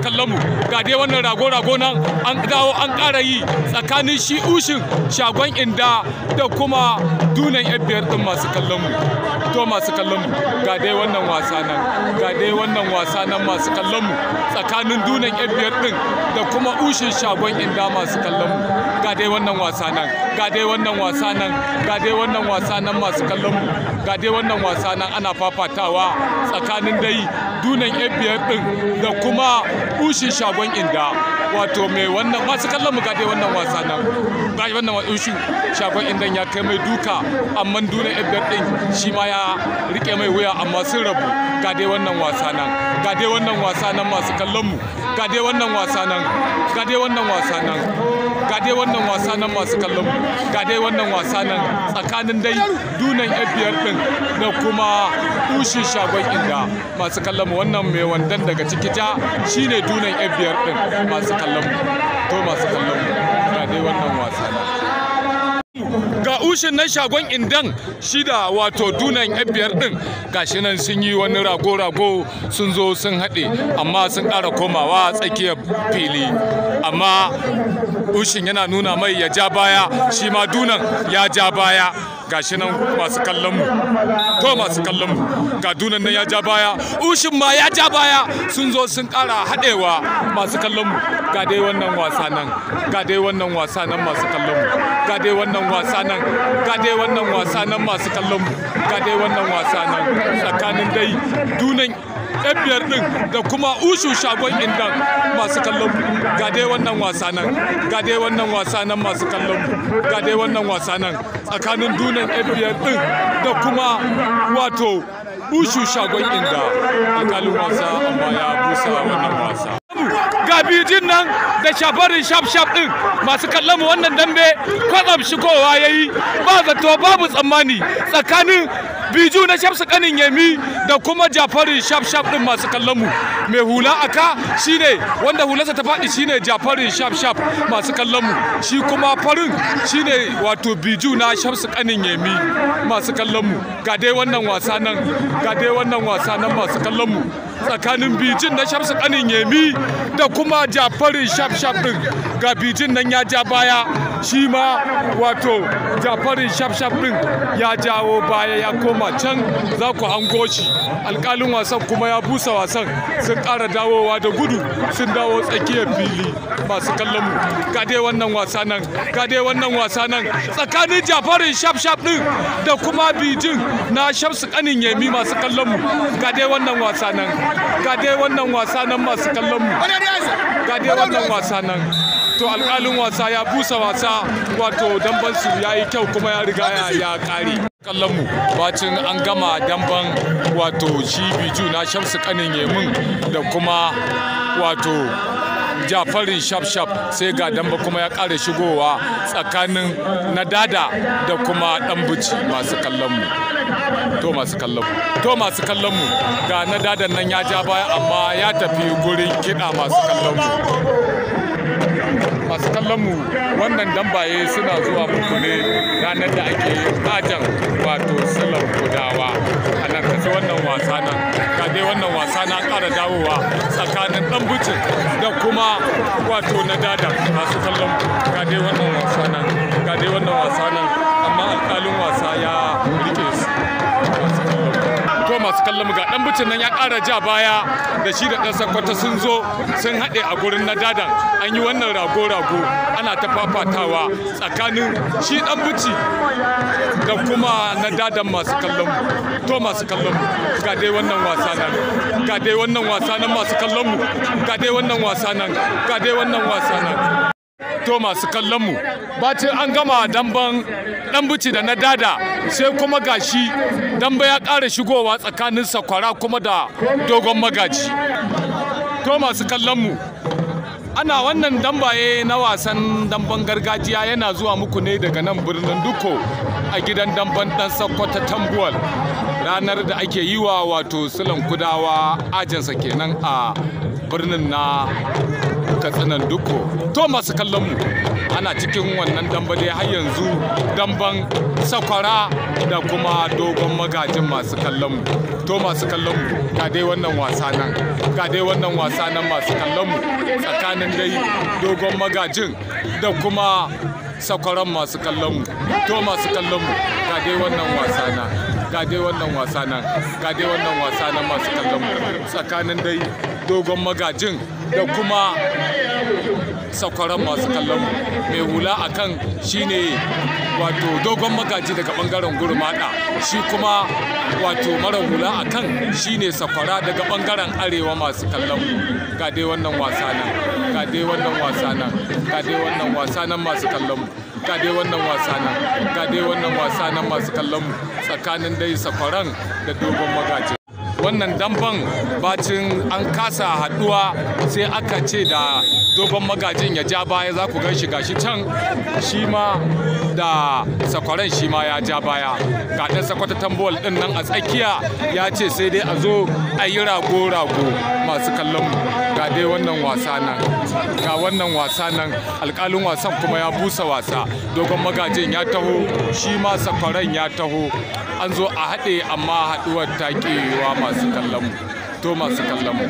kallon mu ga dai wannan rago rago nan an dawo an ƙara yi tsakanin shi ushin shagon inda da kuma dunan yan biyar din masu kallon mu to masu kallon mu ga dai wannan wasa nan ga dai wannan wasa nan masu kallon mu tsakanin dunan yan biyar din da kuma ushin shagon inda masu kallon mu ga dai wannan wasa nan ga dai wannan wasa nan ga dai wannan wasa nan masu kallon mu ga dai wannan wasa nan ana fafatawa tsakanin dai dunan fbf din da kuma ushin shagon inda wato mai wannan masu kallon muka dai wannan wasa nan shi wannan ushin shagon inda ya kai mai duka amma dunan fbf din shi ma ya rike mai wuya amma sun rabu ga dai wannan wasa nan ga dai wannan wasa nan masu kallon mu ga dai wannan wasa nan ga dai wannan wasa nan ga dai wannan wasa nan masu kallon ga dai wannan wasa nan tsakanin dai dunan fbr din da kuma ushin shagon inda masu kallon wannan mai wandan daga ciki ta shine dunan fbr din masu kallon to masu kallon ga dai wannan wasa nan ga ushin na shagon indan shi da wato dunan fbr biyar din gashi nan sun yi wani rago-rago sun zo sun haɗe amma sun ƙara komawa tsakiyar fili amma ushin yana nuna mai ya ja baya shi ma dunan ya ja baya gashi nan masu kallon mu ko masu kallon mu ga nan ya ja baya ushin ma ya ja baya sun zo sun kara hadewa masu kallon mu ga dai wannan wasa nan ga dai wannan wasa nan masu kallon mu ga dai wannan wasa nan ga dai wannan wasa nan masu kallon mu ga dai wannan wasa nan tsakanin dai dunan yan biyar da kuma ushu shagon inda masu kallon mu ga dai wannan wasa nan ga dai wannan wasa nan masu kallon mu ga dai wannan wasa nan tsakanin dunan yan biyar da kuma wato ushu shagon inda kalin wasa amma ya busa wannan wasa ga bijin nan da shafarin shaf-shaf din masu kallon mu wannan dambe kwatsam shigowa ya yi ba zato babu tsammani tsakanin biju na su kanin yami da kuma jafarin shaf-shaf din masu kallon mu mai hula aka shine wanda hularsa ta faɗi shine jafarin shaf-shaf masu kallon mu shi kuma farin shine wato biju na su kanin yami masu kallon mu ga dai wannan wasa nan ga dai wannan wasa nan masu kallon mu tsakanin bijin na shafsa kanin yemi da kuma jafarin shaf shaf din ga bijin nan ya ja baya shi ma wato jafarin shafshaf din ya jawo baya ya koma can za ku hango shi alkalin wasan kuma ya busa wasan sun ƙara dawowa da gudu sun dawo tsakiyar fili masu kallon mu ga dai wannan wasa nan ga dai wannan wasa nan tsakanin jafarin shafshaf din da kuma bijin na shamsu kanin yemi masu kallon mu ga dai wannan wasa nan ga dai wannan wasa nan masu kallon mu ga dai wannan wasa nan wato alƙalin wasa ya busa wasa wato damban su ya yi kyau kuma ya riga ya ƙare kallon mu bacin an gama damban wato shi biju na shamsu kanin yemin da kuma wato jafarin shafshaf sai ga damba kuma ya ƙara shigowa tsakanin na dada da kuma ɗanbuci masu kallon mu to masu kallon mu to masu kallon mu ga dadan nan ya ja baya amma ya tafi gurin kiɗa masu kallon mu masu kallon mu wannan dambaye suna zuwa muku ne ranar da ake yin kajan wato salon gudawa a nan kasa wannan wasa nan ka dai wannan wasa na ƙara dawowa tsakanin dan bucin da kuma wato na dada masu kallon mu ka dai wannan wasa nan ka dai wannan wasa nan amma alƙalin alamu ga dan bucin nan ya ƙara ja baya da shi da ɗan sakwata sun zo sun haɗe a gurin na dadan an yi wannan rago-rago ana ta fafatawa tsakanin shi dan buci da kuma na dadan masu kallon mu to masu kallon mu ga dai wannan wasa nan ga dai wannan wasa nan masu kallon mu ga dai wannan wasa nan ga dai wannan wasa nan to masu kallon mu bacin an gama damban dambuci da na dada sai kuma gashi damba ya ƙara shigowa tsakanin sakwara kuma da dogon magaji to masu kallon mu ana wannan dambaye na wasan damban gargajiya yana zuwa muku ne daga nan birnin duko a gidan damban dan sakwata tambuwal ranar da ake yi wa wato sulan kudawa ajinsa kenan a birnin na katsinan duko to masu kallon mu ana cikin wannan dambale dai har yanzu damban sakwara da kuma dogon magajin masu kallon mu to masu kallon mu ga dai wannan wasa nan ga dai wannan wasa nan masu kallon mu tsakanin dai dogon magajin da kuma sakwaran masu kallon mu to masu kallon mu ga dai wannan wasa nan ga dai wannan wasa nan ga dai wannan wasa nan masu kallon mu tsakanin dai dogon magajin da kuma saukaran masu kallon mai hula a kan shine wato dogon magaji daga bangaren gurmada shi kuma wato mara hula a kan shine sakwara daga bangaren arewa masu kallon ga dai wannan wasa nan ga dai wannan wasa nan ga dai wannan wasa nan masu kallon ga dai wannan wasa nan ga dai wannan wasa nan masu kallon tsakanin dai saukaran da dogon magaji wannan damban bacin an kasa haduwa sai aka ce da dogon magajin ya ja baya za ku gan shi gashi can shi ma da sakwaren shi ma ya ja baya ga ɗan sakwata tambol ɗin nan a tsakiya ya ce sai dai a zo a yi rago-rago masu kallon mu ga dai wannan wasa nan ga wannan wasa nan alƙalin wasan kuma ya busa wasa dogon magajin ya taho shi ma sakwaren ya taho an zo a haɗe amma haɗuwar taƙewa masu kallon mu to masu kallon mu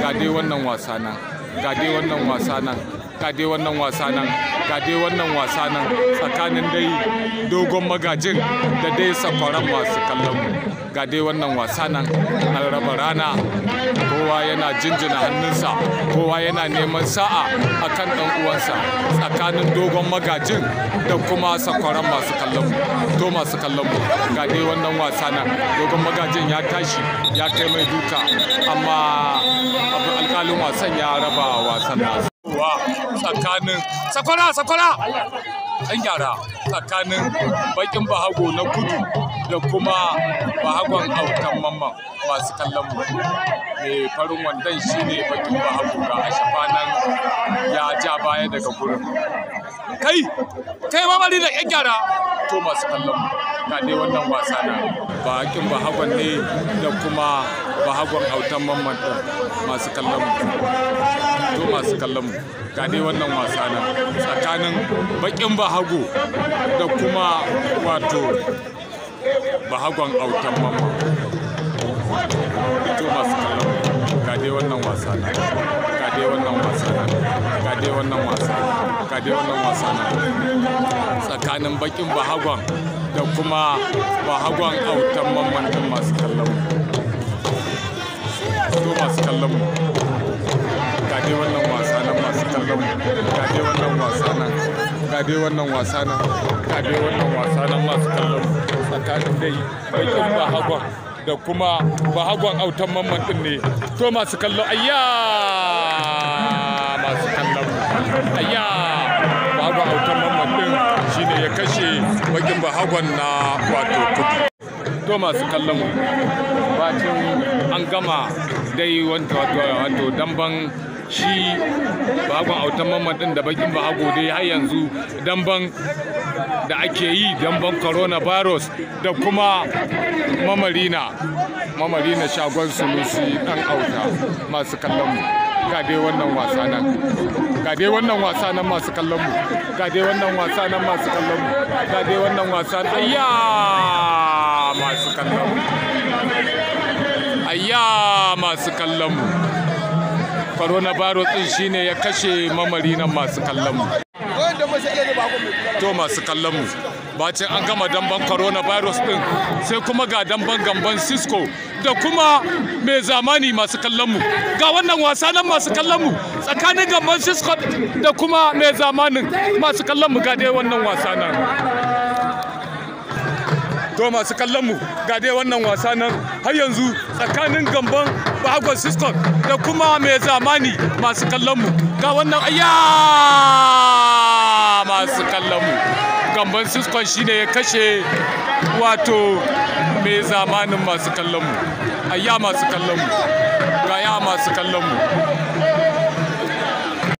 ga dai wannan wasa nan ga dai wannan wasa nan ga dai wannan wasa nan ga dai wannan wasa nan tsakanin dai dogon magajin da dai sakwaran masu kallon mu ga dai wannan wasa nan an raba rana kowa yana jinjina hannunsa kowa yana neman sa'a a kan ɗan uwansa tsakanin dogon magajin da kuma sakwaran masu kallon to masu kallon mu ga dai wannan wasa nan dogon magajin ya tashi ya kai mai duka amma abu alƙalin wasan ya raba wasan nasu tsakanin sakwara sakwara an gyara tsakanin bakin bahago na kudu da kuma bahagon autan mamman masu kallon mu mai eh, farin wandon ne bakin bahago ga a shafanan ya ja baya daga gurin kai kai mamari da yan gyara to masu kallon mu ga dai wannan wasa na bakin bahagon ne da kuma bahagon hautan mamman ɗin masu kallon mu to masu kallon mu ga dai wannan wasa nan tsakanin bakin bahago da kuma wato bahagon hautan mamman to masu kallon mu ga dai wannan wasa nan ga dai wannan wasa nan ga dai wannan wasa ga dai wannan wasa nan tsakanin bakin bahagon da kuma bahagon hautan mamman ɗin masu kallon mu masu kallon mu ga dai wannan wasa nan masu kallon mu ga dai wannan wasa nan ga dai wannan wasa nan ga dai wannan wasa nan masu kallon mu tsakanin dai bakin bahagon da kuma bahagon autan mamman din ne to masu kallo ayya masu kallon mu ayya bahagon autan mamman din shine ya kashe bakin bahagon na wato kudu to masu kallon mu bacin an gama dai wanta wato wato damban shi bakon autan mamman din da bakin ba ago dai har yanzu damban da ake yi damban coronavirus da kuma mamarina mamarina shagon sulusi dan auta masu kallon mu ga dai wannan wasa nan ga dai wannan wasa nan masu kallon mu ga dai wannan wasa nan masu kallon mu ga dai wannan wasa ayya masu kallonmu mu coronavirus din shine ya kashe mamari nan masu kallon mu to masu kallon mu ce an gama damban coronavirus din sai kuma ga damban gamban cisco da kuma mai zamani masu kallon mu ga wannan wasa nan masu kallon mu tsakanin gamban cisco da kuma mai zamanin masu kallon mu ga dai wannan wasa nan to masu kallon mu ga dai wannan wasa nan har yanzu tsakanin gamban bagon siskon da kuma mai zamani masu kallon mu ga wannan ayya masu kallon mu gamban siskon shine ya kashe wato mai zamanin masu kallon mu ayya masu kallon mu ga ya masu kallon mu